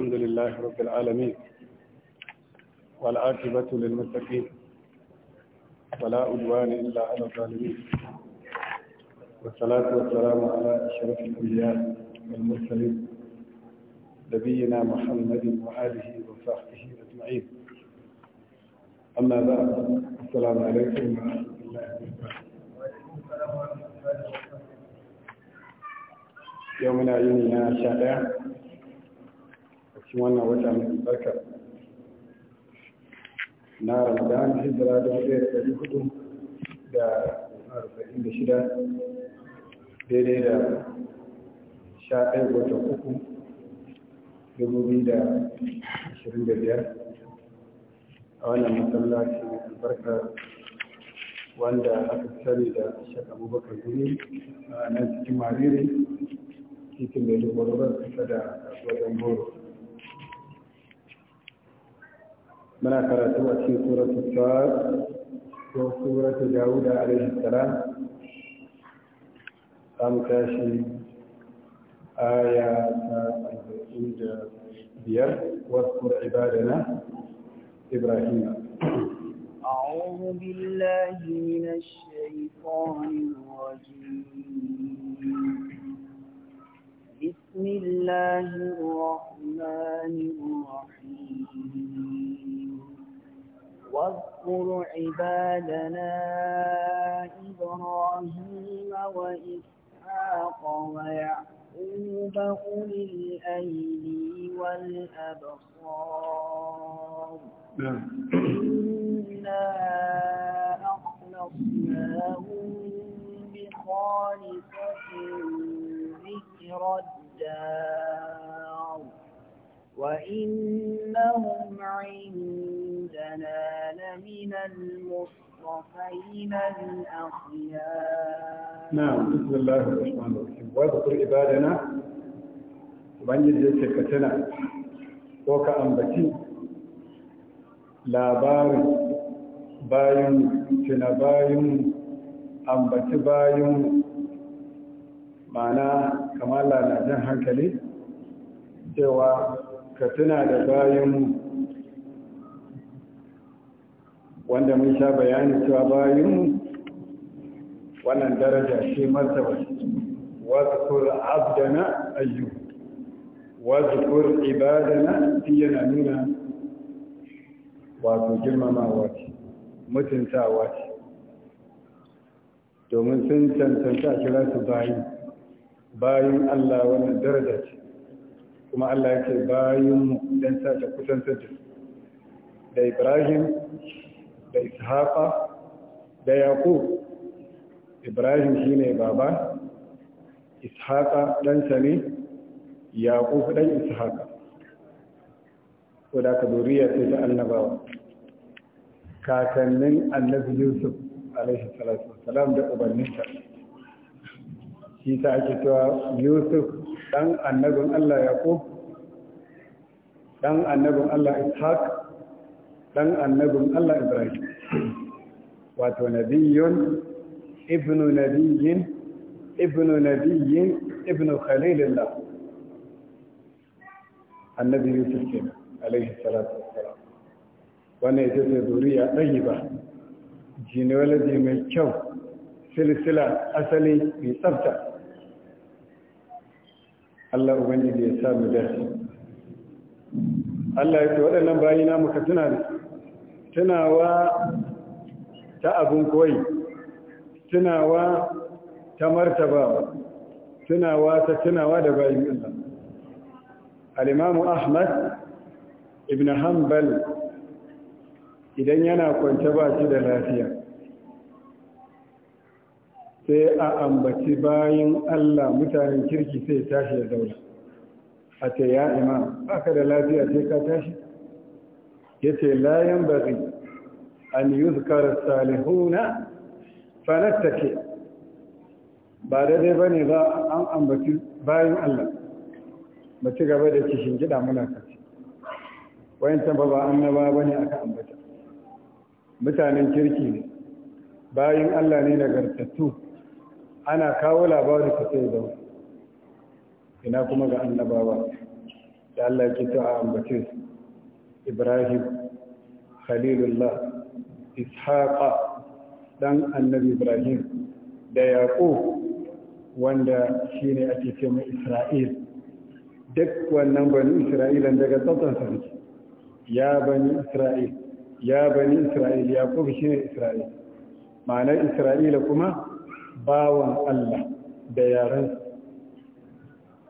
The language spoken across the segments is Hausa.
الحمد لله رب العالمين والعاقبة للمتقين ولا عدوان إلا على الظالمين والصلاة والسلام على أشرف الأنبياء والمرسلين نبينا محمد وآله وصحبه أجمعين أما بعد السلام عليكم ورحمة الله وبركاته يومنا يومنا شهر cikin wannan wata mai barka na ramadan hijira da ɗaya da ɗari hudu da arba'in da shida daidai da sha ɗaya wata uku dubu biyu da ashirin da biyar a wannan masallaci mai albarka wanda aka sani da shaka abubakar guri a nan cikin mariri titin mai dogoro ba kusa da kasuwar boro من قرأت في سورة الشعر وسورة داود عليه السلام أم كاشي آية بير واذكر عبادنا إبراهيم أعوذ بالله من الشيطان الرجيم بسم الله الرحمن الرحيم واذكر عبادنا إبراهيم وإسحاق ويعقوب أولي الأيدي والأبصار نعم. إنا أخلصناهم بخالصة ذكر الدار وإنهم عندنا لمن المصطفين الأخيار نعم بسم الله الرحمن الرحيم واذكر عبادنا ubangiji yake ka tuna ko ka ambaci labarin bayan tuna bayan ambaci bayan mana kamala na hankali cewa ka tuna da bayanmu wanda mun sha bayani cewa bayanmu wannan daraja ce martaba wazukur abdana ayyu wazukur ibadana fi yana nuna wato girmamawa ce mutunta wace domin sun cancanta kira su bayi bayan Allah wannan daraja ce kuma Allah ya ce bayanmu don sace kusantar da su da Ibrahim da Ishaqa da Yaqub Ibrahim shine baba Ishaqa dan sani ne Yaqub dan Ishaqa to da ka duriya ce ta annabawa kakannin Annabi Yusuf alaihi salatu wassalam da ubanninsa shi ta ake cewa Yusuf dan annabin Allah Yaqub dan annabin Allah Ishaq dan annabin Allah Ibrahim wato nabiyyun ibnu nabiyyin ibnu nabiyyin ibnu khalilillah annabi Yusuf kenan alaihi salatu wassalam wannan ita ce zuriya ɗayiba genealogy mai kyau silsila asali mai tsafta Allah ubangiji ya sa mu dace Allah ya ce waɗannan bayi na muka tuna da tunawa ta abun koyi tunawa ta martabawa tunawa ta tunawa da bayin Allah al-Imam Ahmad ibn Hanbal idan yana kwance ba shi da lafiya sai a ambaci bayan Allah mutanen kirki sai tashi ya zauna a ce ya imam aka da lafiya sai ka tashi ya ce layan bari an yi salihu salihuna fanattake ba daidai ba ne za an ambaci bayan Allah ba ci gaba da kishin gida muna wayan tamba ba ba annaba ba ne aka ambata mutanen kirki ne bayan Allah ne nagartattu ana kawo labarin su sai zau ina kuma ga annabawa da Allah ya kito a ambace Ibrahim Khalilullah Ishaqa dan annabi Ibrahim da Yaqub wanda shine ake ce mu Isra'il duk wannan bani Isra'ilan daga tsatsan sa ya bani Isra'il ya bani Isra'il Yaqub shine Isra'il ma'anar Isra'ila kuma bawan Allah da yaran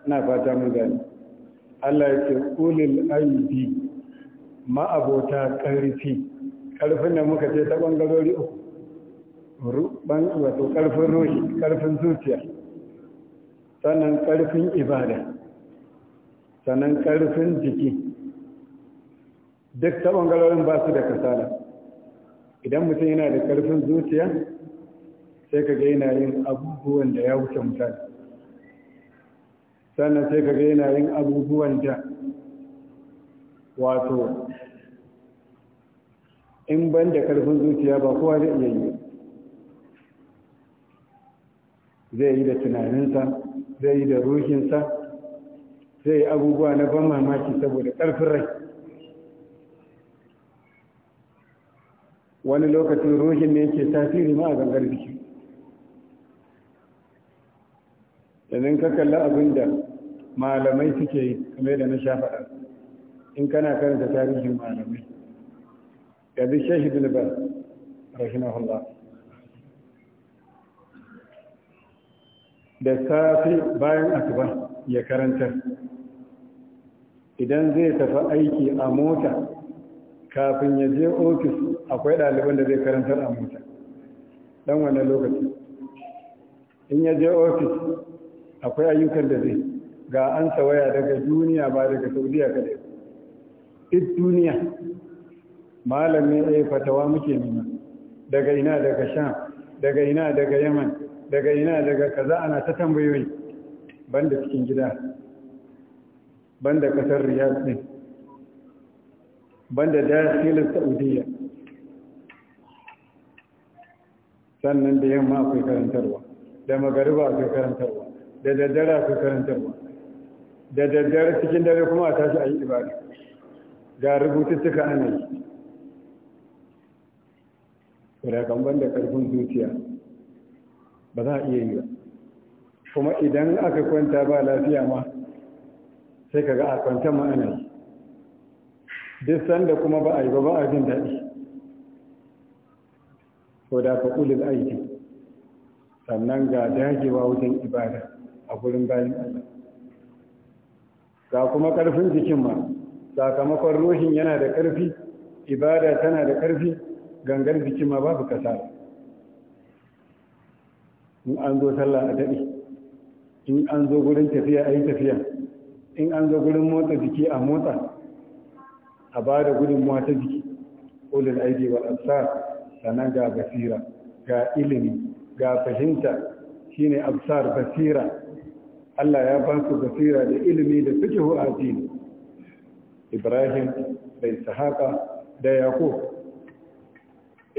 na fata mun gani Allah ya ce ulil aidi ma'abota karfi karfin da muka ce ta bangarori uku wato karfin ruhi karfin zuciya sannan karfin ibada sannan karfin jiki duk ta bangarorin ba su da kasala idan mutum yana da karfin zuciya sai ka ga yana yin abubuwan da ya wuce mutane, sannan sai ka ga yana yin abubuwan da wato in ban da karfin zuciya ba kowa zai iya yi zai yi da tunaninsa zai yi da ruhinsa zai yi abubuwa na ban mamaki saboda karfin rai wani lokacin ruhin ne yake tasiri ma a gangar jiki sannan ka kalli abin da malamai suke yi kamar da na sha faɗa in kana karanta tarihin malamai duk shehu bilbar rahimahullah da fi bayan asuba ya karanta idan zai tafi aiki a mota kafin ya je ofis akwai ɗaliban da zai karantar a mota ɗan wannan lokaci in ya je ofis akwai ayyukan da zai ga an waya daga duniya ba daga saudiya kadai duk duniya malamin yi fatawa muke nuna daga ina daga sham daga ina daga yaman daga ina daga kaza ana ta tambayoyi banda cikin gida banda kasar riyadh ne banda dasilin saudiya sannan da yamma akwai karantarwa da magariba akwai karantarwa da daddara ku karantarwa da daddara cikin dare kuma a tashi a yi ibada ga rubututtuka ana yi kurakamban da karfin zuciya ba za a iya yi ba kuma idan aka kwanta ba lafiya ma sai kaga a kwanta ma ana yi duk sanda kuma ba a yi ba ba a jin daɗi ko da fa ulil aiki sannan ga dagewa wajen ibada a gurin bayan Allah ga kuma ƙarfin jikin ma sakamakon ruhin yana da ƙarfi ibada tana da ƙarfi gangar jikin ma babu kasara. in an zo sallah a daɗe in an zo gurin tafiya a yi tafiya in an zo gurin motsa jiki a motsa a ba da gudunmuwa ta jiki ulul aidi wal absar sannan ga basira ga ilimi ga fahimta shine absar basira Allah ya ba su basira da ilimi da fikihu addini Ibrahim da Ishaqa da Yaqub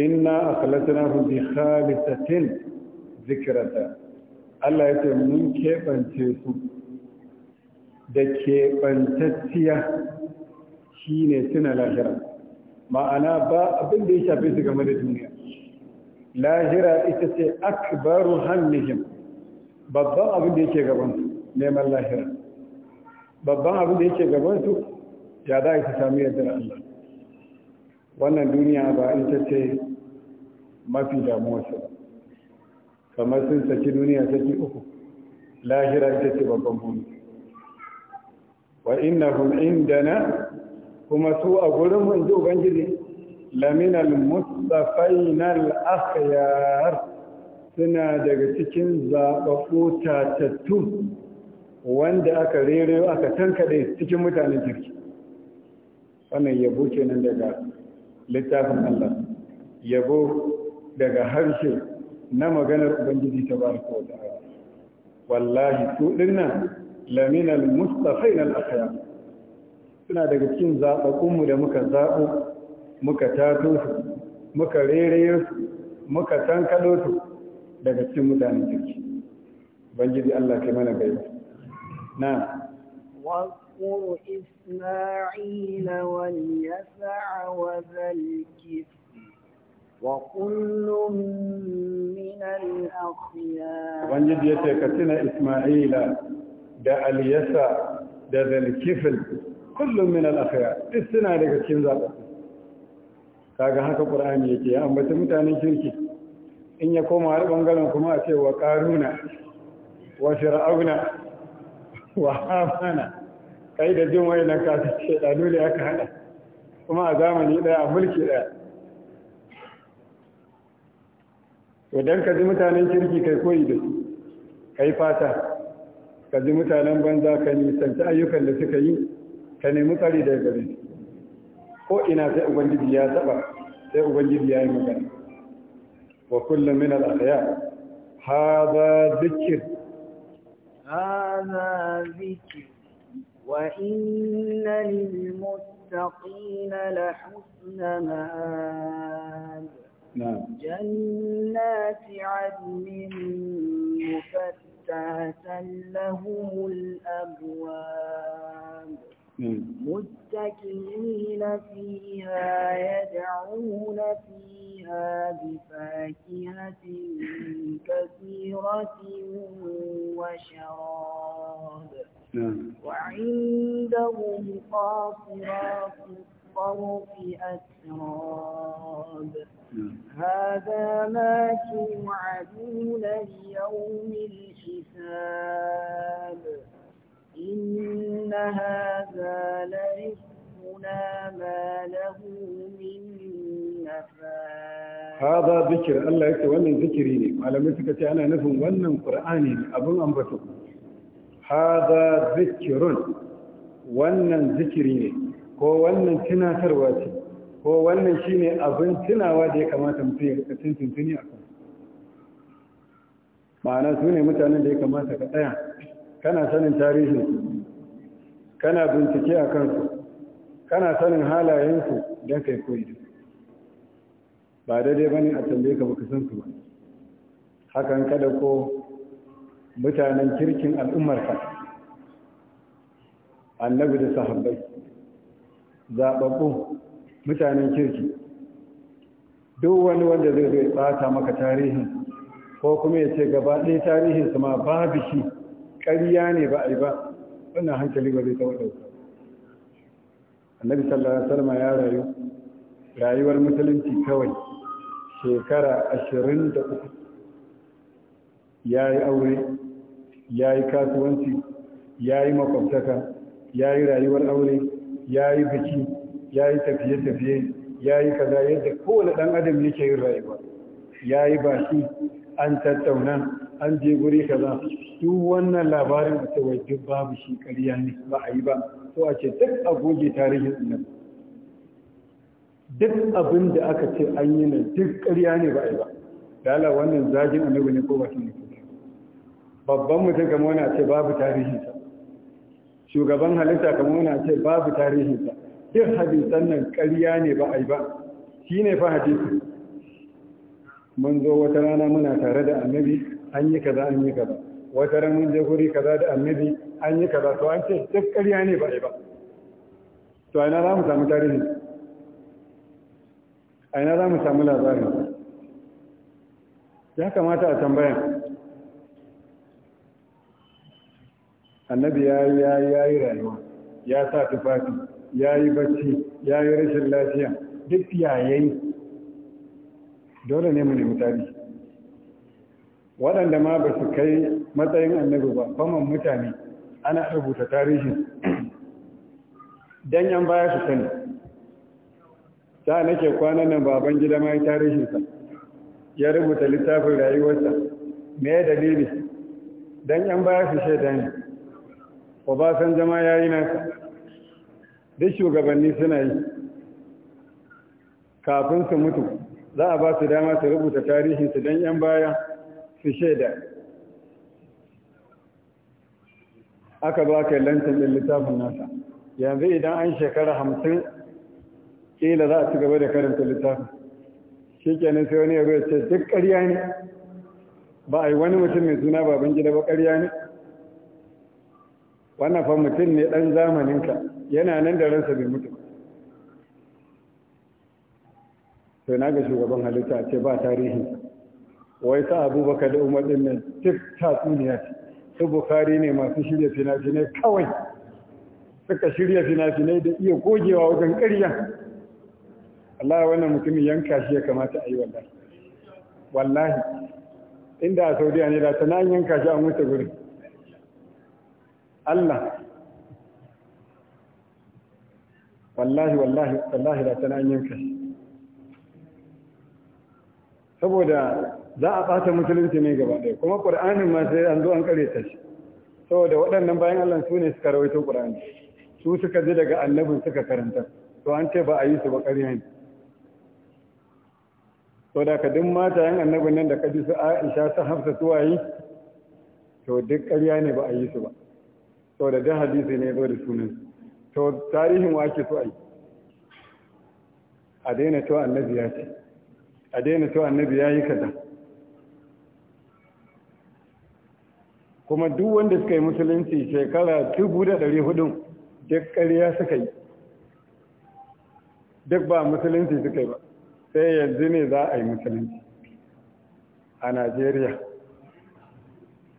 inna akhlasnahum bi khalisatin zikrata Allah ya ce mun kebance su da kebantacciya shine tuna lahira ma'ana ba abin da ya shafe su game da duniya lahira ita ce akbaru hannihim babban abin da yake gaban neman lahira babban abin da yake gabansu ya za ka sami yardar Allah wannan duniya ba ita ce mafi damuwarsa kamar sun saki duniya saki uku lahira ita ce babban buru wa innahum indana kuma su a gurin mun ji ubangiji laminal mustafainal akhyar suna daga cikin zaɓaɓɓu tatattu wanda aka rere aka tankaɗe cikin mutanen kirki wannan yabo kenan daga littafin Allah yabo daga harshe na maganar ubangiji ta baraka wa ta'ala wallahi su dinnan laminal mustafain al akhya suna daga cikin zabakun mu da muka zabo muka tato su muka rereye su muka tankado su daga cikin mutanen kirki ubangiji Allah kai mana gaiba واذكر إسماعيل واليسع وذا الكفل وكل من الأخيار وانجد يتكتنا إسماعيل دا اليسع دا ذا الكفل كل من الأخيار السنة لك كنزة kaga haka Qur'ani yake ya ambata mutanen kirki in ya koma har bangaren kuma a ce wa Qaruna wa Fir'auna wa hamana kai da jin wayannan ce da dole aka hada kuma a zamani daya a mulki daya to ka ji mutanen kirki kai koyi da su kai fata ka ji mutanen banza ka nisanci ayyukan da suka yi ka nemi tsari daga gare su ko ina sai ubangiji ya taba sai ubangiji ya yi magana wa kullum min al-ahya hadha dhikr هذا ذكر وإن للمتقين لحسن مآب نعم. جنات عدن مفتحة لهم الأبواب متكئين فيها يدعون فيها بفاكهة كثيرة وشراب نعم. وعندهم قاصرات الطرف أتراب نعم. هذا ما توعدون ليوم الحساب إنها hada zikir Allah yake wannan zikiri ne malamai suka ce ana nufin wannan qur'ani ne abun ambato hada zikirun wannan zikiri ne ko wannan tunatarwa ce ko wannan shine abin tunawa da ya kamata mutum ya rika tuntuni a kan ma'ana su ne mutanen da ya kamata ka tsaya kana sanin su kana bincike a kansu kana sanin halayensu don kai koyi da su ba daidai ba ne a tambaye ka baka san su ba hakan kada ko mutanen kirkin al'ummarka annabi da sahabbai zaɓaɓɓu mutanen kirki duk wani wanda zai zai ɓata maka tarihin ko kuma ya ce gaba ɗaya tarihin su ma babu shi ƙarya ne ba a yi ba wannan hankali ba zai taɓa ɗauka annabi sallallahu alaihi wasallam ya rayu rayuwar musulunci kawai shekara ashirin da uku ya yi aure ya yi kasuwanci ya yi makwabtaka ya yi rayuwar aure ya yi biki ya yi tafiye-tafiye ya yi kaza yadda kowane ɗan adam yake yin rayuwa ya yi baki an tattauna an je guri kaza duk wannan labarin a cewa duk babu shi ƙarya ne ba a yi ba ko a ce duk a goge tarihin nan duk abin da aka ce an yi nan duk ƙarya ne ba a yi ba lala wannan zagin annabi ne ko bakin ne babban mutum kamar wani a ce babu tarihinsa shugaban halitta kamar wani a ce babu tarihinsa duk hadisan nan ƙarya ne ba a yi ba shi ne fa hadisi mun zo wata rana muna tare da annabi an yi kaza an yi kaza wata rana mun je guri kaza da annabi an yi kaza to an ce duk ƙarya ne ba a yi ba to ina za mu samu tarihinsa a ina za mu samu labarin ya kamata a tambaya annabi ya yi rayuwa ya sa tufafi ya yi bacci ya yi rashin lafiya duk yayayi dole ne mu nemi tarihi waɗanda ma ba su kai matsayin annabi ba baman mutane ana rubuta tarihin don yan baya su sani ta nake kwanan nan baban gida mai tarihinsa ya rubuta littafin rayuwarsa me dalili dan yan baya su shaida ne obasan jama ya yi nasa duk shugabanni suna yi kafin su mutu za a ba su dama su rubuta tarihinsu don yan baya su shaida aka ba ka lantin littafin nasa yanzu idan an shekara hamsin kila za a ci gaba da karanta littafin shi kenan sai wani ya ce duk ƙarya ne ba a yi wani mutum mai suna baban gida ba ƙarya ne wannan fa mutum ne ɗan zamaninka yana nan da ransa bai mutu sai na ga shugaban halitta ce ba tarihi wai sa abubakar da umar ɗin nan tif tatsuniya ce su bukari ne masu shirya fina-finai kawai suka shirya fina-finai da iya gogewa wajen ƙarya Allah wannan mutumin yanka shi ya kamata a yi wallahi wallahi inda a saudiya ne da ta yanka shi a mutu gurin Allah wallahi wallahi wallahi da ta yanka shi saboda za a ɓata musulunci ne gaba ɗaya kuma ƙur'anin ma sai an zo an kare ta shi saboda waɗannan bayan Allah su ne suka rawaito ƙur'ani su suka ji daga annabin suka karanta to an ce ba a yi su ba ƙarya ne sau da ka duk yan annabin nan da kaji su Aisha su Hafsa yi to duk ƙarya ne ba a yi su ba to da duk hadisi ne zo da sunan to tarihin wa ake so a yi a daina to annabi ya ce a daina to annabi ya yi kaza kuma duk wanda suka yi musulunci shekara dubu da hudun duk ƙarya suka yi duk ba musulunci suka yi ba sai yanzu ne za a yi musulunci a najeriya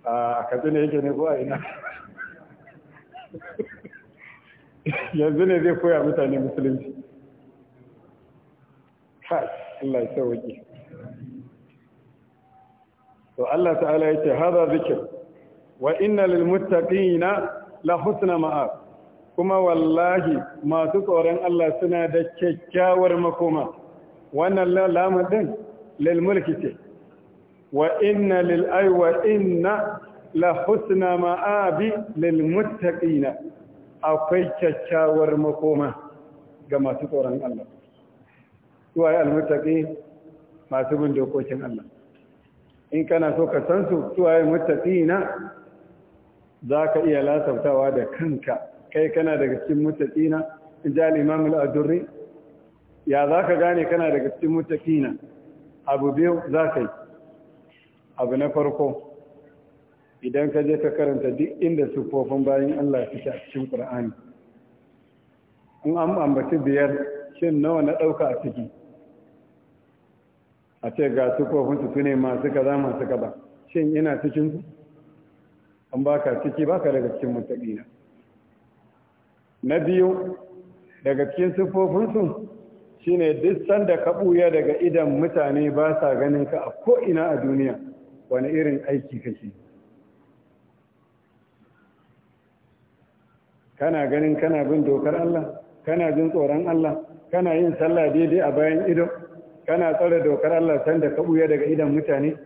a katsina yake ne ko a ina yanzu ne zai koya mutane musulunci kai Allah ya sauke to Allah ta'ala yace hada zikr wa inna lil muttaqina la husna ma'a kuma wallahi masu tsoron Allah suna da kyakkyawar makoma wannan lamun din lil mulki ce wa inna lil ay inna la husna ma'abi lil muttaqina akwai kyakkyawar makoma ga masu tsoron Allah suwaye almuttaqi masu bin dokokin Allah in kana so ka san su suwaye muttaqina ka iya lasantawa da kanka kai kana daga cikin muttaqina in ja al-imam al-adurri ya za ka gane kana daga cikin mutakina abu biyu za ka yi abu na farko idan ka je ka karanta duk inda sufofin bayan Allah suke a cikin ƙura'ani in an ambaci biyar shin nawa na ɗauka a ciki a ce ga sufofin su ne masu kaza masu ba, shin ina cikin su an baka ciki baka daga cikin mutakina na biyu daga cikin sufofin su shine duk sanda ka buya daga idan mutane ba sa ganin ka a ina a duniya wani irin aiki kake kana ganin kana bin dokar Allah kana jin tsoron Allah kana yin sallah daidai a bayan ido kana tsare dokar Allah sanda ka buya daga idan mutane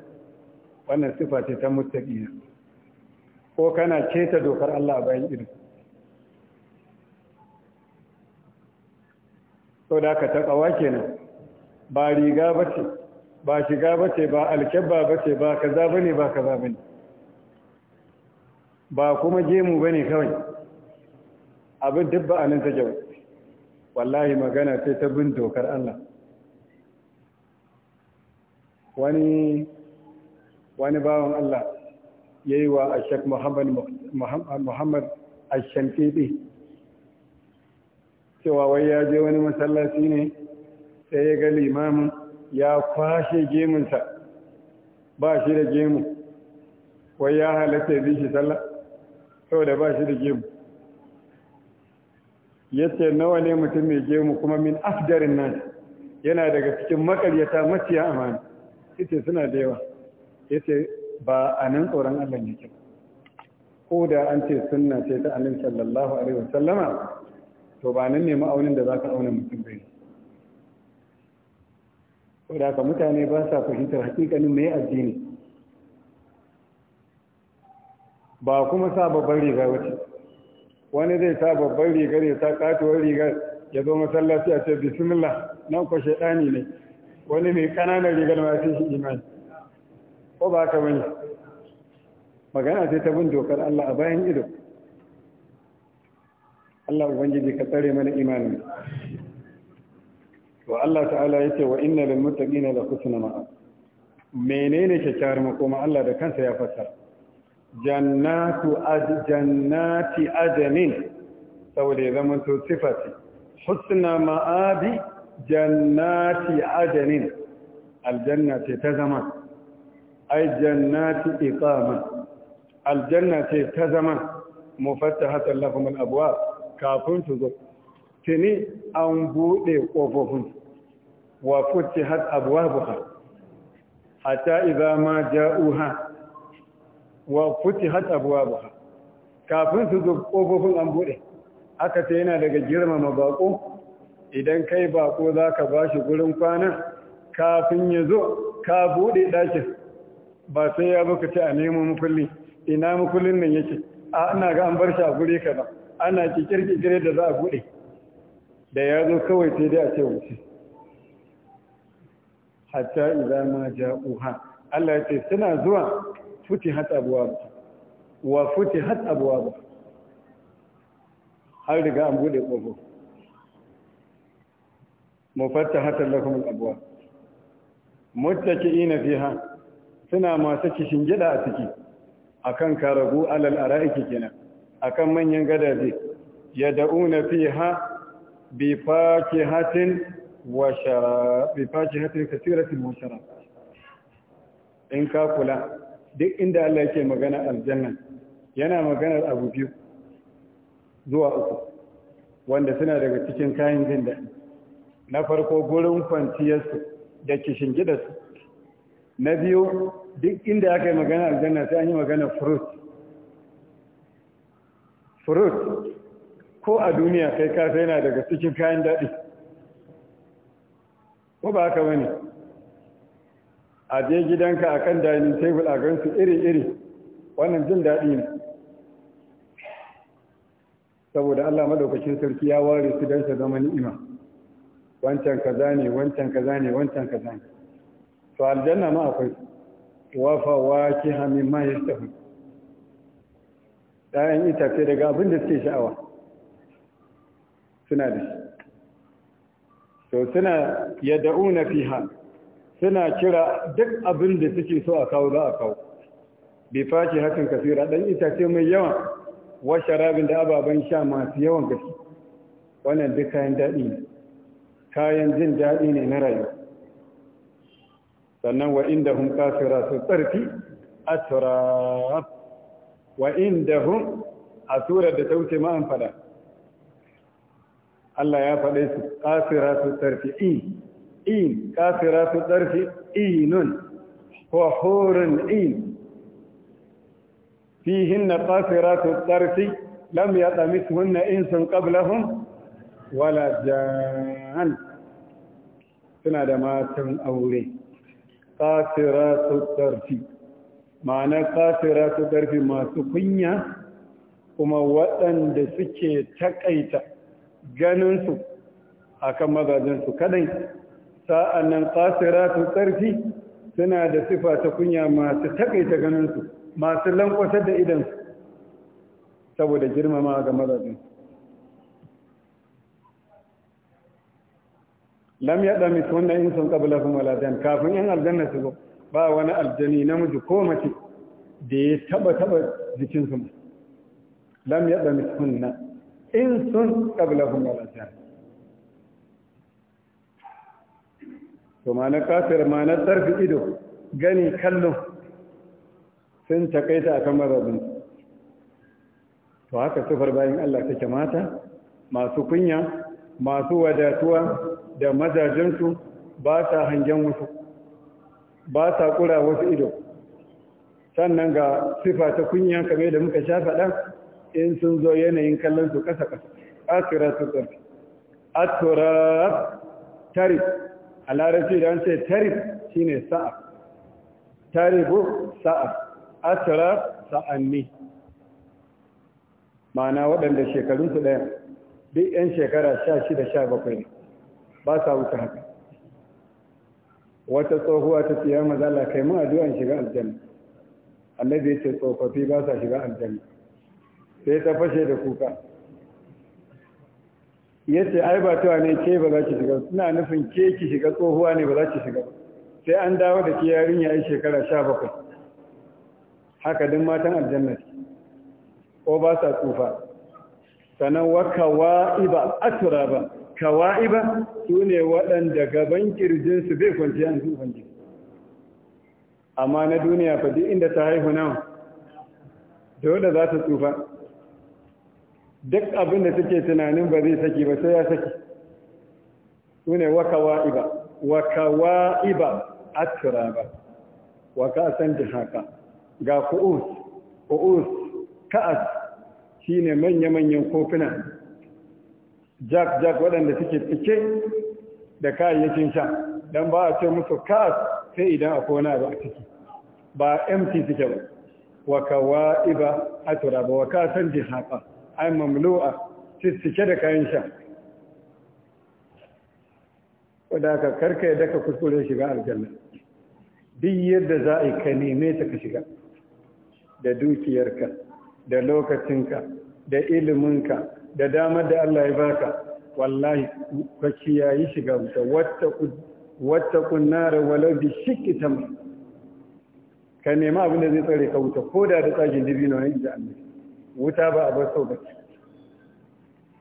wannan sifa ce ta muttaqiya ko kana keta dokar Allah a bayan ido sau da aka taƙawa kenan ba riga ba ce ba shiga ba ce ba alkyabba ba ce ba kaza ba ne ba kaza ba ne ba kuma gemu ba ne kawai abin dubba a nan take ba wallahi magana sai ta bin dokar Allah wani wani bawan Allah ya yi wa ashek muhammad muhammad ashantiɗi cewa wai ya je wani masallaci ne sai ya ga limamin ya kwashe gemunsa ba shi da gemu wai ya halatta ya bi shi sallah da ba shi da gemu yace nawa ne mutum mai gemu kuma min afdarin nan yana daga cikin makaryata maciya amana yace suna da yawa yace ba a nan tsoron Allah ne ke ko da an ce sunna ce ta annabi sallallahu alaihi wasallama to ba nan ne ma'aunin da za ka auna mutum bai saboda ka mutane ba sa fahimtar hakikanin mai addini ba kuma sa babban riga wace wani zai sa babban rigar ya sa katuwar rigar ya zo masallaci a ce bismillah nan ko shaidani ne wani mai kananan rigar ma sai shi imani ko ba ka bane magana ce ta bin dokar Allah a bayan ido Allah ubangiji ka tsare mana imanin to Allah ta'ala ya ce wa inna lil muttaqina la husna ma'a menene kyakkyawar makoma Allah da kansa ya fassara jannatu ad jannati adanin saboda ya zama to sifati husna ma'abi jannati adanin aljanna ce ta zama ai jannati iqama aljanna ce ta zama mufattahatan lahum al-abwab kafin su zo tuni an buɗe ƙofofin wa fuci har abuwa buha hatta iza ma ja'uha wa fuci har abuwa buha kafin su zo ƙofofin an buɗe aka ta yana daga girmama baƙo idan kai baƙo za ka ba shi gurin kwana kafin ya zo ka buɗe ɗakin ba sai ya baka ce a nemo mukulli ina mukullin nan yake a ina ga an bar shi a guri ba ana kikirkire da za a buɗe da ya zo kawai sai dai a ce wuce hatta idan ma uha Allah ya ce suna zuwa futi hat abuwa wa futi hat abuwa har daga an buɗe ƙofo mafatta hatar lakumul abuwa muttaki'ina fiha suna masu kishin gida a ciki akan karagu alal ara'iki kenan akan manyan gadaje ya da'una fiha bi fakihatin wa sharab bi fakihatin kathiratin wa in ka kula duk inda Allah yake magana aljanna yana maganar abu biyu zuwa uku wanda suna daga cikin kayan jin daɗi na farko gurin kwanciyarsu da kishin gidansu na biyu duk inda aka yi magana aljanna sai an yi magana fruit fruit ko a duniya kai kasa yana daga cikin kayan daɗi ko ba haka wani a je gidanka a kan dining table a gansu iri-iri wannan jin daɗi ne saboda Allah madaukakin sarki ya ware su don su zama ni'ima wancan kaza ne wancan kaza ne wancan kaza ne to aljanna ma akwai wafa wa ki hamin ma yastahun ‘ya'yan itace daga abin da suke sha'awa suna da shi to suna yada'una fiha suna kira duk abin da suke so a kawo za a kawo bai fashi hakan kasira ɗan itace mai yawa wa sharabin da ababen sha masu yawan gaske wannan duk kayan daɗi ne kayan jin daɗi ne na rayu sannan wa inda hun kafira su tsarfi a turaf wa indahu a surar da ta wuce ma'an fada Allah ya faɗe su ƙasira su tarfi in in ƙasira su tarfi inun ko horin in fihin na ƙasira su tarfi lam ya ɗamis hunna in sun ƙablahun wala jahan suna da matan aure ƙasira su tarfi ma'ana kafira su ƙarfi masu kunya kuma waɗanda suke takaita ganinsu a kan magajinsu kadai sa'an nan kasira su ƙarfi suna da sifa ta kunya masu takaita ganinsu masu lankwasar da idansu saboda girmama ga mazajensu lam yaɗa mitu wannan in sun ƙabila kuma lafiyan kafin yan aljanna su ba wani aljani namiji ko mace da ya taba taba jikinsu lam yaba mitunna in sun qablahum wala jan to mana kafir mana tarfi ido gani kallon sun takaita akan mazabin to haka sufar bayan Allah take mata masu kunya masu wadatuwa da mazajensu ba sa hangen wasu ba sa kura wasu ido sannan ga sifa ta kunya kamar da muka sha faɗa in sun zo yanayin kallon su ƙasa ƙasa asira su ƙarfi atura tarif a larabci da an ce tarif shine sa'a tarifu sa'a atura sa'anni ma'ana waɗanda shekarunsu ɗaya duk 'yan shekara sha shida sha bakwai ne ba sa wuce haka wata tsohuwa ta ce ya mazala kai mun addu'an shiga aljanna annabi ya ce tsofaffi ba sa shiga aljanna sai ta fashe da kuka ya ce ai ba tuwa ne ke ba za ki shiga suna nufin ke ki shiga tsohuwa ne ba za ki shiga sai an dawo da ke yarin yayi shekara sha bakwai haka duk matan aljanna ko ba sa tsufa sannan wakawa iba atura ba kawa'iba su ne waɗanda gaban kirjinsu bai kwanciya an zufan amma na duniya fa inda ta haihu nawa dole za ta tsufa duk abin da take tunanin ba zai saki ba sai ya saki su ne kawa'iba wakawa'iba aturaba waka san haka ga ku'us ku'us ka'as shine manya-manyan kofuna jack jack waɗanda suke cike da kayayyakin sha don ba a ce musu kas sai idan a kona ba a ciki ba mt suke ba wa a tura ba wa kasan jihafa ai mamlu'a cike da kayan sha wadda ka karka yadda ka kuskure shiga aljanna duk yadda za a yi ka neme ta ka shiga da dukiyarka da lokacinka da iliminka da damar da Allah ya baka wallahi ka kiyaye shiga wuta wata kunnara walau bi shikki mai ka nema abin da zai tsare ka wuta ko da da tsagin dibino ya ji annabi wuta ba a bar sau ba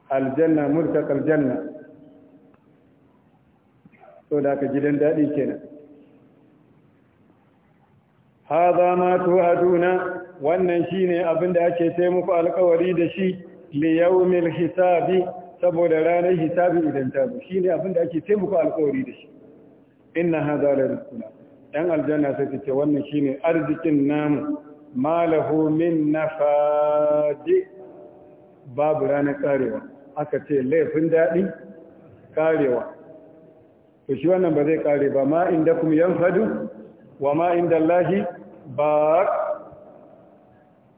aljanna murtaqal janna to da ka gidan dadi kenan hadha ma tu'aduna wannan shine abin da ake sai muku alƙawari da shi liyawmil hisabi saboda ranar hisabi idan ta zo shine abin da ake taimako alƙawari da shi inna hadha la rizquna dan aljanna sai ta ce wannan shine arzikin namu malahu min nafadi babu ranar karewa aka ce laifin daɗi karewa to shi wannan ba zai kare ba ma inda kuma yanfadu wa ma inda Allahi ba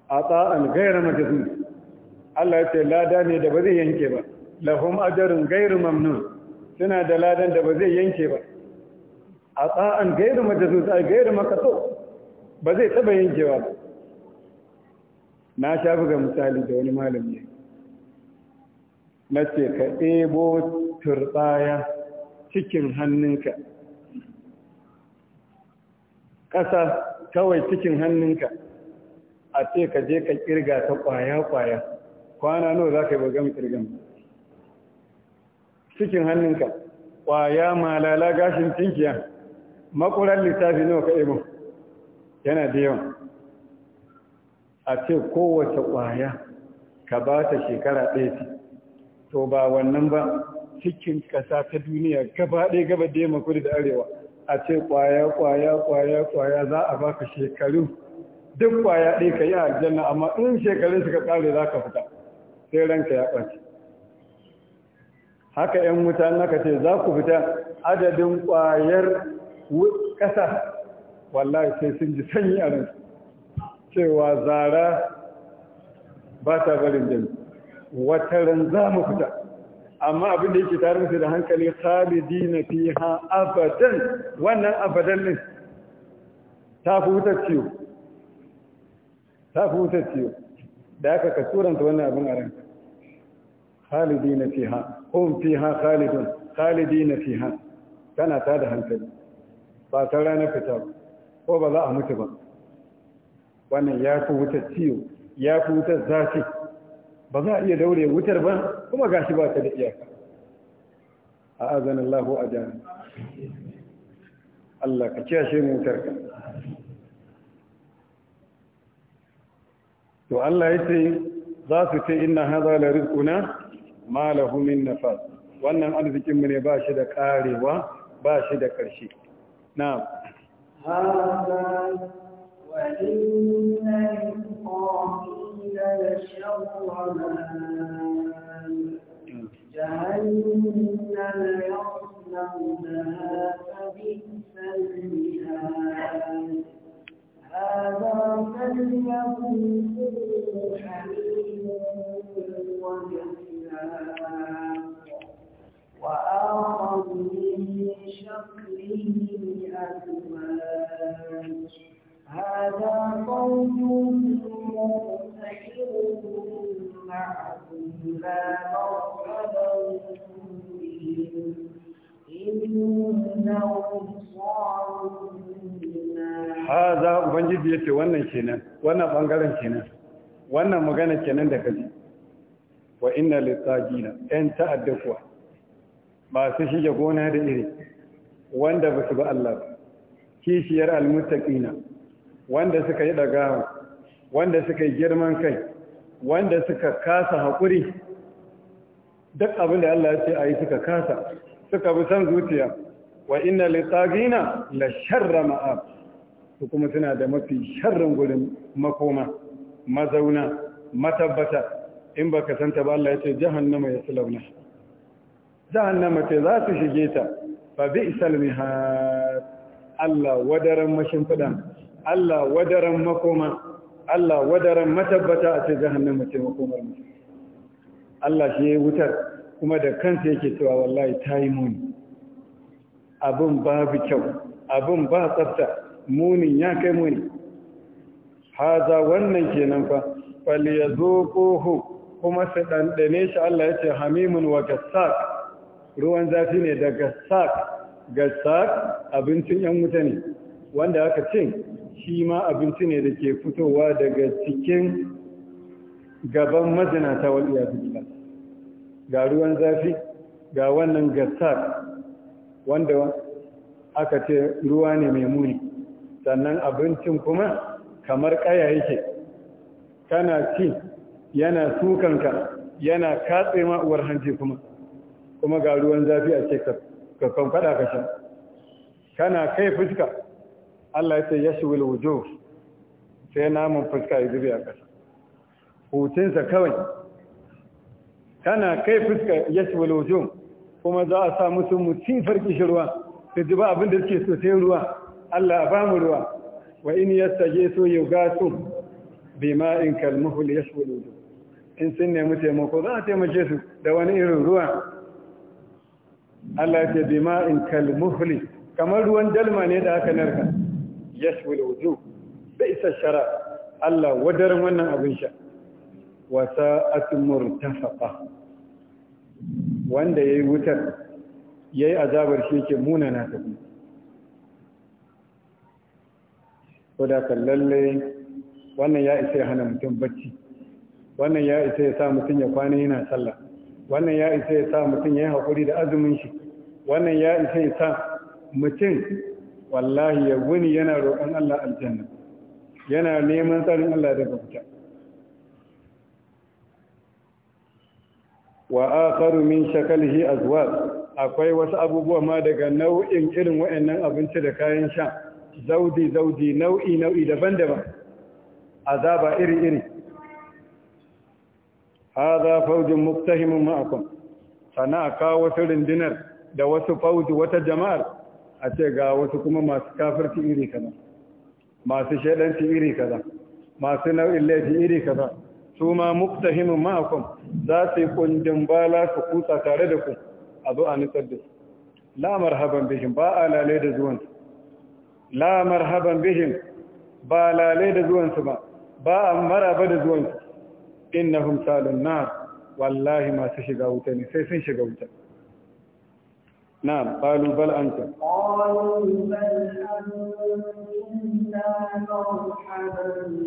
a tsa'an gairar majalisun Allah ya ce lada ne da ba zai yanke ba lahum ajrun ghairu mamnun suna da ladan da ba zai yanke ba a tsa'an ghairu majzu a ghairu makato ba zai taba yankewa ba na sha buga misali da wani malami na ce ka ɗebo turɓaya cikin hannunka ƙasa kawai cikin hannunka a ce ka je ka kirga ta ƙwaya-ƙwaya kwana nawa za ka yi bagam kirgin cikin hannunka ƙwaya malala gashin tinkiya makurar littafi nawa ka ɗebo yana da yawan a ce kowace ƙwaya ka ba ta shekara ɗaya ce to ba wannan ba cikin ƙasa ta duniya gaba ɗaya gaba da yamma kudu da arewa a ce ƙwaya ƙwaya ƙwaya ƙwaya za a baka shekaru duk ƙwaya ɗaya ka yi a aljanna amma in shekarun suka ƙare za ka fita sai ranka ya ɓace haka 'yan mutane naka ce za ku fita adadin ƙwayar ƙasa wallahi sai sun ji sanyi a nan cewa zara ba ta barin jami wataran za mu fita amma abin da yake tare musu da hankali khalidi na fi ha abadan wannan abadan din ta fi wutar ciwo ta fi wutar ciwo da aka ka turanta wannan abin a ranka khalidina fiha fi fiha khalidun khalidina fiha tana ta da hankali ba ta rana fita ko ba za a mutu ba wannan ya fi wutar ciwo ya fi wutar zafi ba za a iya daure wutar ba kuma ga shi ba ta da iyaka a azanin lahu a jami'a Allah ka kiyashe mutarka to Allah ya ce za su ce inna haza la rizquna ma lahu nafas wannan arzikin ne ba shi da karewa ba shi da karshe na'am hada wa inna lil-qawmina la shawwa جهنم يصلونها فبئس المهاد هذا فليكن حليم وجلاء وآخر من أزواج هذا قول مرتحل معكم لا مرحبا بهم إنهم صاروا haza ubangiji yace wannan kenan wannan bangaren kenan wannan magana kenan da kaji wa inna lisajina an ta'adda kuwa masu shige gona da iri wanda ba su ba Allah ba kishiyar almuttaqina wanda suka yi daga wanda suka yi girman kai wanda suka kasa hakuri duk abin da Allah ya ce ayi suka kasa suka bi san zuciya wa inna lisajina la sharra ma'a su kuma suna da mafi sharrin gurin makoma mazauna matabbata in baka santa ba Allah ya ce jahannama ya tsalauna jahannama ce za su shige ta fa bi isal mihad Allah wadaran mashimfidan Allah wadaran makoma Allah wadaran matabbata a ce jahannama ce makomar mu. Allah shi yayi wutar kuma da kansa yake cewa wallahi yi muni Abin babu kyau abun ba tsafta munin ya kai muni haza wannan kenan fa falyazuquhu kuma su ɗanɗane shi Allah ya ce hamimun wa gassak ruwan zafi ne da gassak gassak abincin yan wuta ne wanda aka ce shi ma abinci ne da ke fitowa daga cikin gaban mazinata wal'iya iyadu ga ruwan zafi ga wannan gassak wanda aka ce ruwa ne mai muni sannan abincin kuma kamar ƙaya yake kana ci yana ka yana katse ma uwar hanci kuma kuma ga ruwan zafi a cikin ka kwamfada ka sha kana kai fuska Allah ya ce ya shiwil wujo sai namun fuska ya zube a ƙasa hutunsa kawai kana kai fuska ya shiwil kuma za a sa musu mutum farki shi ruwa ji ba abin da suke so sai ruwa Allah ba mu ruwa wa in yastajisu yugasun bima'in kalmuhul yashwulu in sun nemi taimako za a taimake su da wani irin ruwa Allah ce bima'in kalmuhul kamar ruwan dalma ne da aka narka yashwulu wudu bai isa shara Allah wadar wannan abin sha wa sa'at murtafaqa wanda yayi wutar yayi azabar shi ke munana ta kuma ko da lalle wannan ya isa ya hana mutum bacci wannan ya isa ya sa mutum ya kwana yana sallah wannan ya isa ya sa mutum ya yi haƙuri da azumin shi wannan ya isa ya sa mutum wallahi ya wuni yana roƙon Allah aljanna yana neman tsarin Allah daga fita. wa akharu min shakalihi azwaj akwai wasu abubuwa ma daga nau'in irin wa'annan abinci da kayan sha zauji zauji nau'i nau'i daban-daban azaba iri-iri haza faujin muktahimin ma'akon sana a kawo wasu rindinar da wasu fauji wata jama'ar a ce ga wasu kuma masu kafirci iri kaza masu shaidanci iri kaza masu nau'in laifi iri kaza su ma muktahimin ma'akon za su yi kundin bala su kusa tare da ku a zo a nutsar da su la marhaban bishin ba a lalai da zuwansu la marhaban bihim ba lalai da zuwansu ba ba a maraba da zuwansu innahum salun nar wallahi masu shiga wuta ne sai sun shiga wuta na'am qalu bal anta qalu bal antum marhaban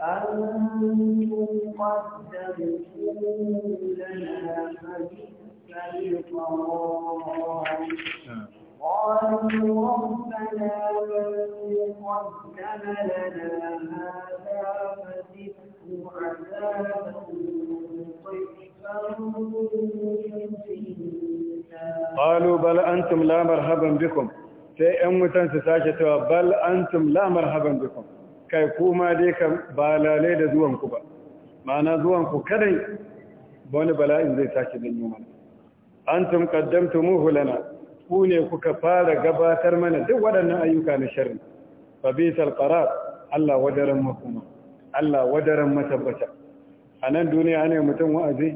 أنتم قدمتم لنا فبئس القرار قالوا بل أنتم لا مرحبا بكم sai ‘yan wutan su sake cewa bal antum la marhaban bikum kai kuma dai ka balale da zuwanku ba ma'ana zuwanku kadai wani bala'in zai sake janyo mana an antum qaddamtumuhu lana ku ne kuka fara gabatar mana duk waɗannan ayyuka na sharri fa bisal qarar Allah wadaran makuma Allah wadaran matabbata a nan duniya ne mutum wa'azi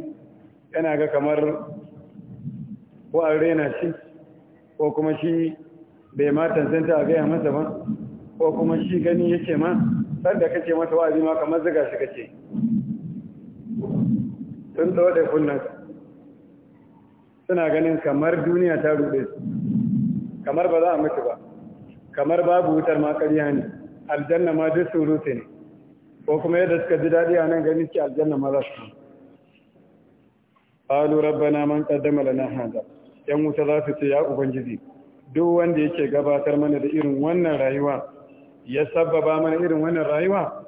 yana ga kamar ko an rena shi ko kuma shi bai ma tantanta a gaya masa ba ko kuma shi gani yake ma sanda kace mata wa'azi ma kamar zuga shi kace tun da wadai kunnan suna ganin kamar duniya ta ruɗe su kamar ba za a mutu ba kamar babu wutar ma ne aljanna ma duk surutu ne ko kuma yadda suka ji daɗi a nan ganin ki aljanna ma za su qalu rabbana man qaddama lana hada yan wuta za su ce ya ubangiji duk wanda yake gabatar mana da irin wannan rayuwa ya sabbaba mana irin wannan rayuwa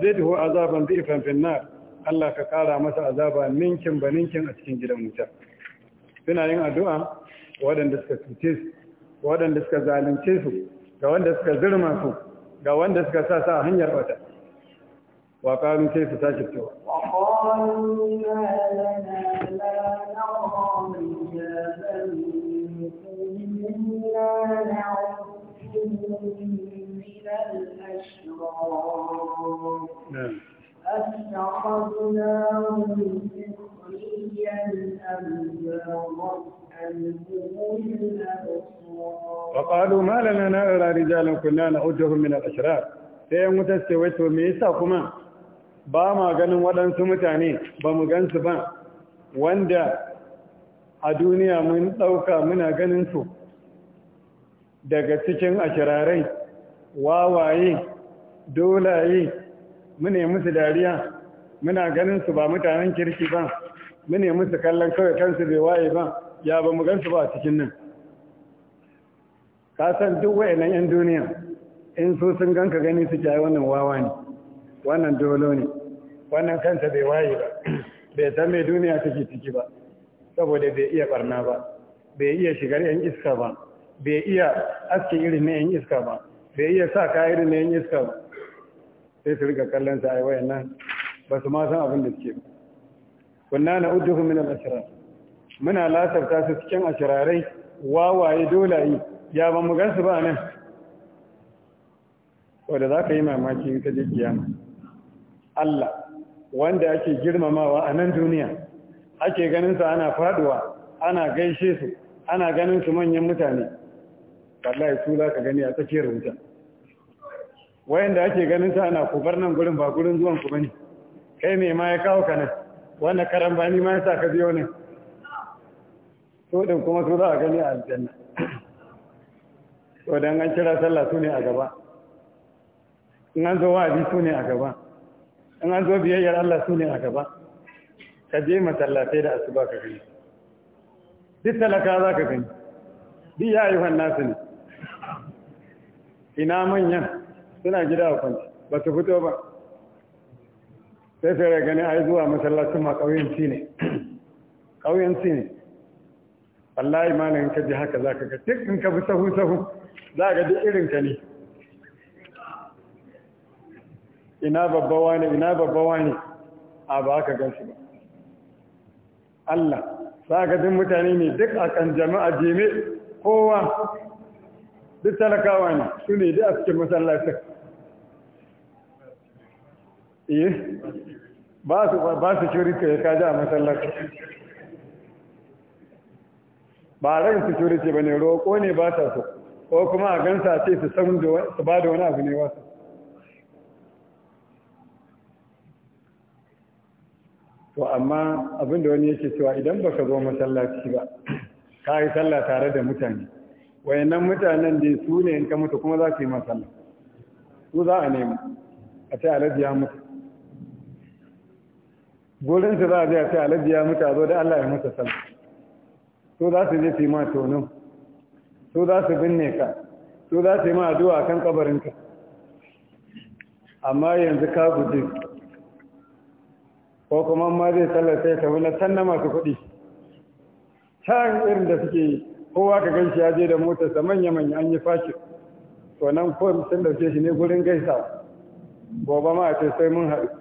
zidhu azaban bi'fan finnar Allah ka kara masa azaba ninkin baninkin a cikin gidan wuta suna yin addu'a waɗanda suka cuce su waɗanda suka zalince su ga wanda suka zirma su ga wanda suka sa sa hanyar wata wa ƙarun ce su tashi cewa أستخدناهم وقالوا ما لنا نرى رجالا كنا نعدهم من الاشرار sai yan wuta ce me yasa kuma ba ma ganin waɗansu mutane ba mu gansu ba wanda a duniya mun ɗauka muna ganin su daga cikin ashirarai wawaye dolaye mune musu dariya muna ganin su ba mutanen kirki ba mu ne musu kallon kawai kansu bai waye ba ya ba mu gansu ba a cikin nan ka san duk wayannan yan duniya in su sun ganka gani su jaye wannan wawa ne wannan dolo ne wannan kansa bai waye ba bai san mai duniya take ciki ba saboda bai iya barna ba bai iya shigar yan iska ba bai iya aske irin na yan iska ba bai iya sa ka irin na yan iska ba sai su riga kallon sa ai wayannan ba su ma san abin da suke ba kunna na uduhu min al-ashrar muna lasafta su cikin ashirarai wawaye dolayi ya ban mu gansu ba nan wanda za ka yi mamaki ta ka je kiyama Allah wanda ake girmamawa a nan duniya ake ganin sa ana faduwa ana gaishe su ana ganin su manyan mutane wallahi su za ka gani a tsakiyar wuta wayanda ake ganin sa ana kubar nan gurin ba gurin zuwan ku bane kai me ma ya kawo ka nan wannan ni ma yasa ka biyo ne so din kuma su za a gani a aljanna to dan an kira sallah su ne a gaba in an zo wa'azi su ne a gaba in an zo biyayyar Allah su ne a gaba ka je masallatai da asuba ka gani duk talaka za ka gani duk ya yi nasu ne ina manyan suna gida a kwanci ba su fito ba sai sai da gani yi zuwa masallacin ma ƙauyenci ne ƙauyenci ne wallahi in ka ji haka za ka ga duk in ka bi sahu sahu za ga duk irin ka ne ina babbawa wani ina babbawa wani a ba ka gan shi ba Allah za ka duk mutane ne duk a kan jama'a jeme kowa duk talakawa ne su ne duk a cikin masallacin iya eh? ba su ba security ka ji a masallaci ba ran security ne roƙo ne ba ta so ko kuma a gansa ce su san su ba da wani abu ne wasu to amma abin da wani yake cewa idan baka zo masallaci ba ka yi tsalla tare da mutane wayannan mutanen da su ne in ka mutu kuma za su yi matsala su za a nemi a ce alaji ya mutu gurin su za a biya sai alhaji ya mutu a zo da Allah ya mutu sama. su za su je tima yi ma tono su za su binne ka su za su yi ma addu'a kan kabarinka amma yanzu ka guje ko kuma ma zai tallata ta wula can na masu kuɗi can irin da suke yi kowa ka gan shi ya je da motarsa manya-manya an yi fashi to nan ko sun dauke shi ne gurin gaisa gobe ma a ce sai mun haɗu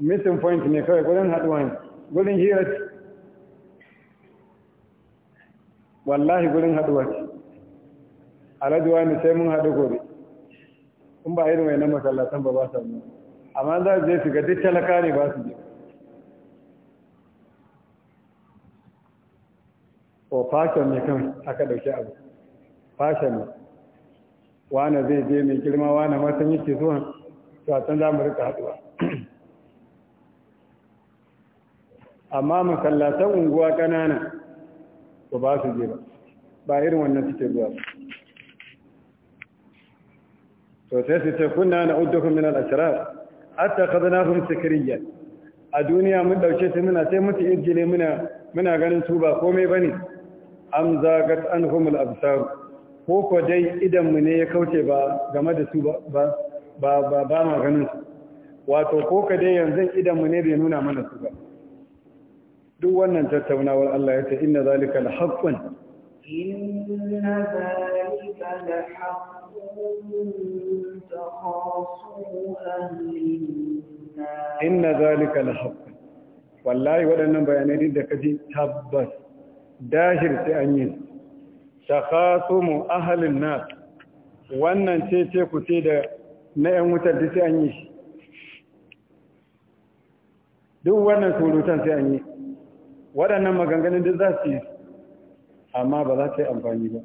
missing point ne kawai gudun haduwan gurin gudun hira ce wallahi gudun haduwa ce aladuwa ne sai mun haɗu gobe in ba irin wainan masallatan ba ba samu amma za su je su ga duk talaka ne ba su je ko fashion ne kan aka ɗauki abu fashion ne wane zai je mai girma wane masan yake zuwa to a can za mu rika haɗuwa amma masallatan unguwa ƙanana to ba su je ba ba irin wannan suke zuwa to sai su ce kunna na uddukum min al-ashrar hatta khadnahum sikriyan a duniya mun dauke su muna sai mutu irgile muna muna ganin su ba komai bane am zagat anhum al-absar ko ko dai idan mu ne ya kauce ba game da su ba ba ba ba ma ganin su wato ko ka dai yanzu idan mu ne bai nuna mana su ba duk wannan tattaunawar Allah ya ce inna zalika la haqqun inna zalika la haqqun takhasu ahlina inna zalika la haqqun wallahi waɗannan bayanai da kaji tabbas dahir sai an yi takhasumu ahlin nas wannan ce ce ku ce da na yan wutar da sai an yi duk wannan surutan sai an yi waɗannan maganganun duk za su yi amma ba za ta yi amfani ba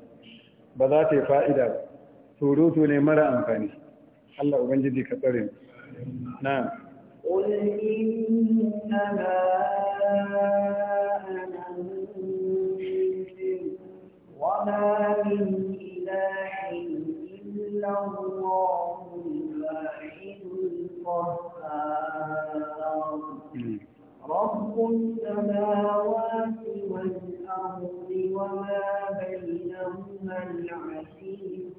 ba za ta yi fa'ida ba turutu ne mara amfani Allah Ubangiji ka tsare mu na قل إنما أنا منذر رب السماوات والأرض وما بينهما العزيز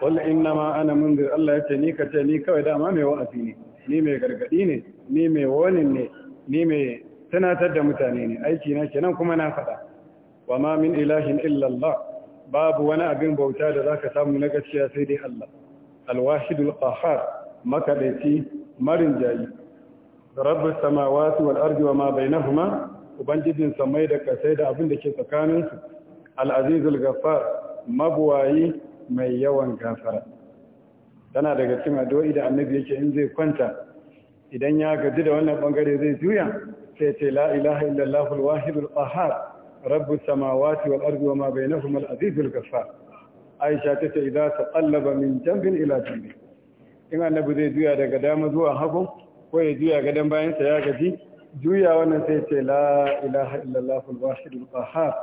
قل إنما أنا منذر الله يتني كتني كوي داما مي وأفيني ni mai gargadi ne ni mai wani ne ni mai tunatar da mutane ne aiki na kenan kuma na faɗa wa ma ilahin illallah babu wani abin bauta da zaka samu na gaskiya sai dai Allah alwahidul qahhar makadaici marin jayi rabbus samawati wal ardi wa ma bainahuma ubangijin samai da kasai da abin da ke tsakanin su al-azizul ghaffar mabwayi mai yawan gafara tana daga cikin addu'o'i da annabi yake in zai kwanta idan ya gaji da wannan bangare zai juya sai ce la ilaha illallah al-wahidul qahhar rabbus samawati wal ardi wa ma bainahuma al-azizul ghaffar aisha ta ce idan ta min jambin ila jambin in annabi zai juya daga dama zuwa hagu ko ya juya gadon bayansa ya gaji juya wannan sai ce la ilaha illallah al-wahidul qahhar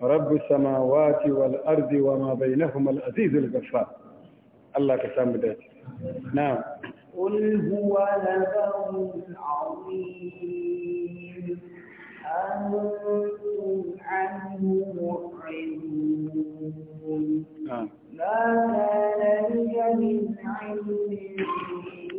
rabbus samawati wal ardi wama bainahuma al-azizul ghaffar Allah ka samu dace na'am قل هو نبأ عظيم أنتم عنه معرضون ما كان لي من علم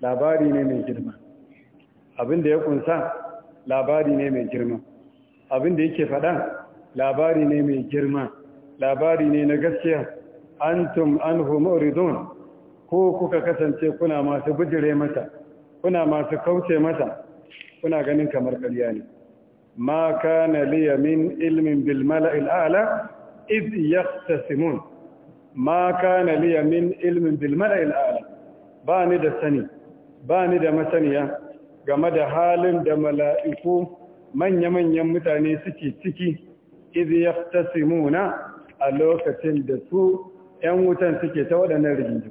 labari ne mai girma abin da ya kunsa labari ne mai girma abin da yake faɗa labari ne mai girma labari ne na gaskiya antum anhu muridun ko kuka kasance kuna masu bujire mata kuna masu kauce mata kuna ganin kamar ƙarya ne ma kana liya min ilmin bil mala'il a'la id yaqtasimun ma kana liya min ilmin bil mala'il a'la ba da sani ba ni da masaniya game da halin da mala'iku manya-manyan mutane suke ciki izi ya a lokacin da su ‘yan wutan suke ta waɗannan rigingi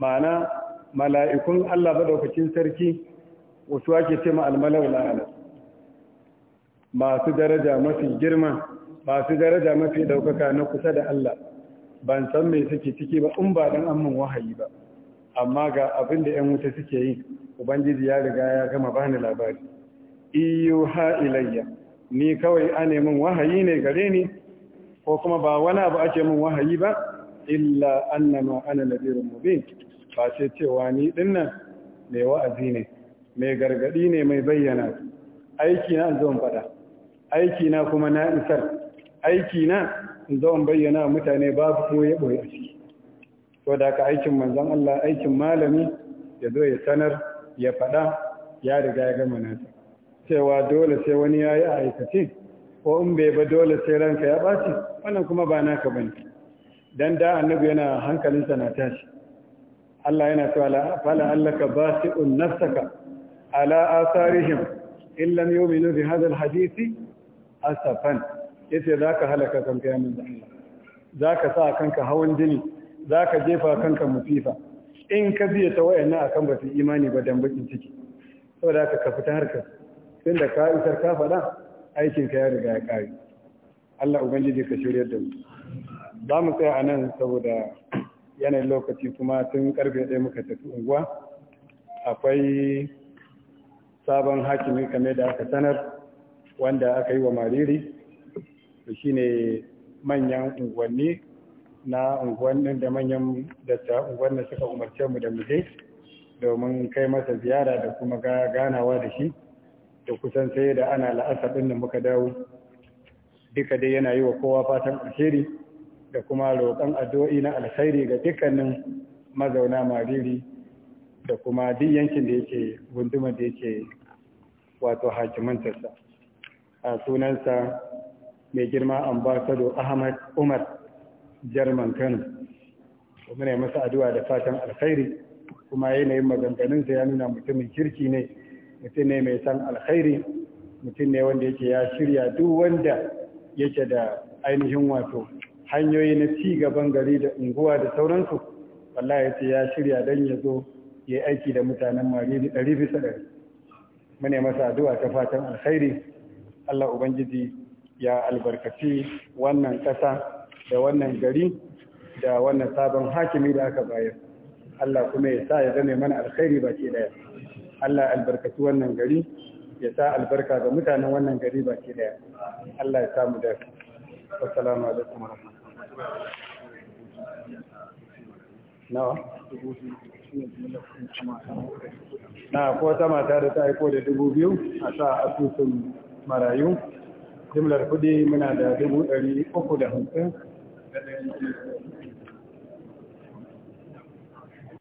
ma'ana mala'ikun Allah maɗaukacin sarki wasu ake ce ma’almalar la'ana, masu daraja mafi girma masu daraja mafi ɗaukaka na kusa da Allah ban san mai suke ciki ba in ba ɗan amman wahayi ba amma ga abin da 'yan wuta suke yi ubangiji ya riga ya gama bani labari iyo ha ilayya ni kawai a neman wahayi ne gare ni ko kuma ba wani abu ake min wahayi ba illa annama ana nabirun mubin ba ce cewa ni dinnan mai wa'azi ne mai gargadi ne mai bayyana aiki na zo fada aiki na kuma na isar aiki na zo bayyana mutane babu koye boye a ciki to da ka aikin manzon Allah aikin malami ya zo ya sanar ya faɗa ya riga ya gama nasa cewa dole sai wani ya yi a aikace ko in bai ba dole sai ranka ya ɓaci wannan kuma ba naka ba ne dan da annabi yana hankalinsa na tashi Allah yana cewa fala allaka basi'un nafsaka ala asarihim in lam yu'minu bi hadha alhadisi asafan yace zaka halaka kanka ya da Allah zaka sa kanka hawan jini za ka jefa kanka mutifa in ka biya ta wayanna akan ba su imani ba dan bakin ciki saboda haka ka fita harkar tun da ka isar ka faɗa aikin ka ya riga ya kare Allah ubangiji ka shirya da mu za mu tsaya a nan saboda yanayin lokaci kuma tun karfe ɗaya muka tafi unguwa akwai sabon hakimi kame da aka sanar wanda aka yi wa mariri shi ne manyan unguwanni na unguwannin da manyan datta unguwannin suka umarce mu da mu je domin kai masa ziyara da kuma ganawa da shi da kusan sai da ana la'asar ɗin da muka dawo duka dai yana yi wa kowa fatan alheri da kuma roƙon addu'o'i na alkhairi ga dukkanin mazauna mariri da kuma duk yankin da yake gunduma da yake wato hakimantarsa a sunansa mai girma ambasado ahmad umar jarman kano kuma ne masa addu'a da fatan alkhairi kuma yanayin maganganunsa ya nuna mutumin kirki ne mutum ne mai san alkhairi mutum ne wanda yake ya shirya duk wanda yake da ainihin wato hanyoyi na ci gaban gari da unguwa da sauransu wallahi yace ya shirya dan ya zo ya aiki da mutanen mariri ɗari bisa ɗari mune masa addu'a ta fatan alkhairi Allah ubangiji ya albarkaci wannan ƙasa da wannan gari da wannan sabon hakimi da aka bayar Allah kuma ya sa ya zame mana alkhairi baki daya Allah albarkatu wannan gari ya sa albarka ga mutanen wannan gari baki daya Allah ya samu da assalamu alaikum nawa na ko ta mata da ta aiko da dubu biyu a sa asusun marayu jimlar kudi muna da dubu ɗari uku da hamsin and then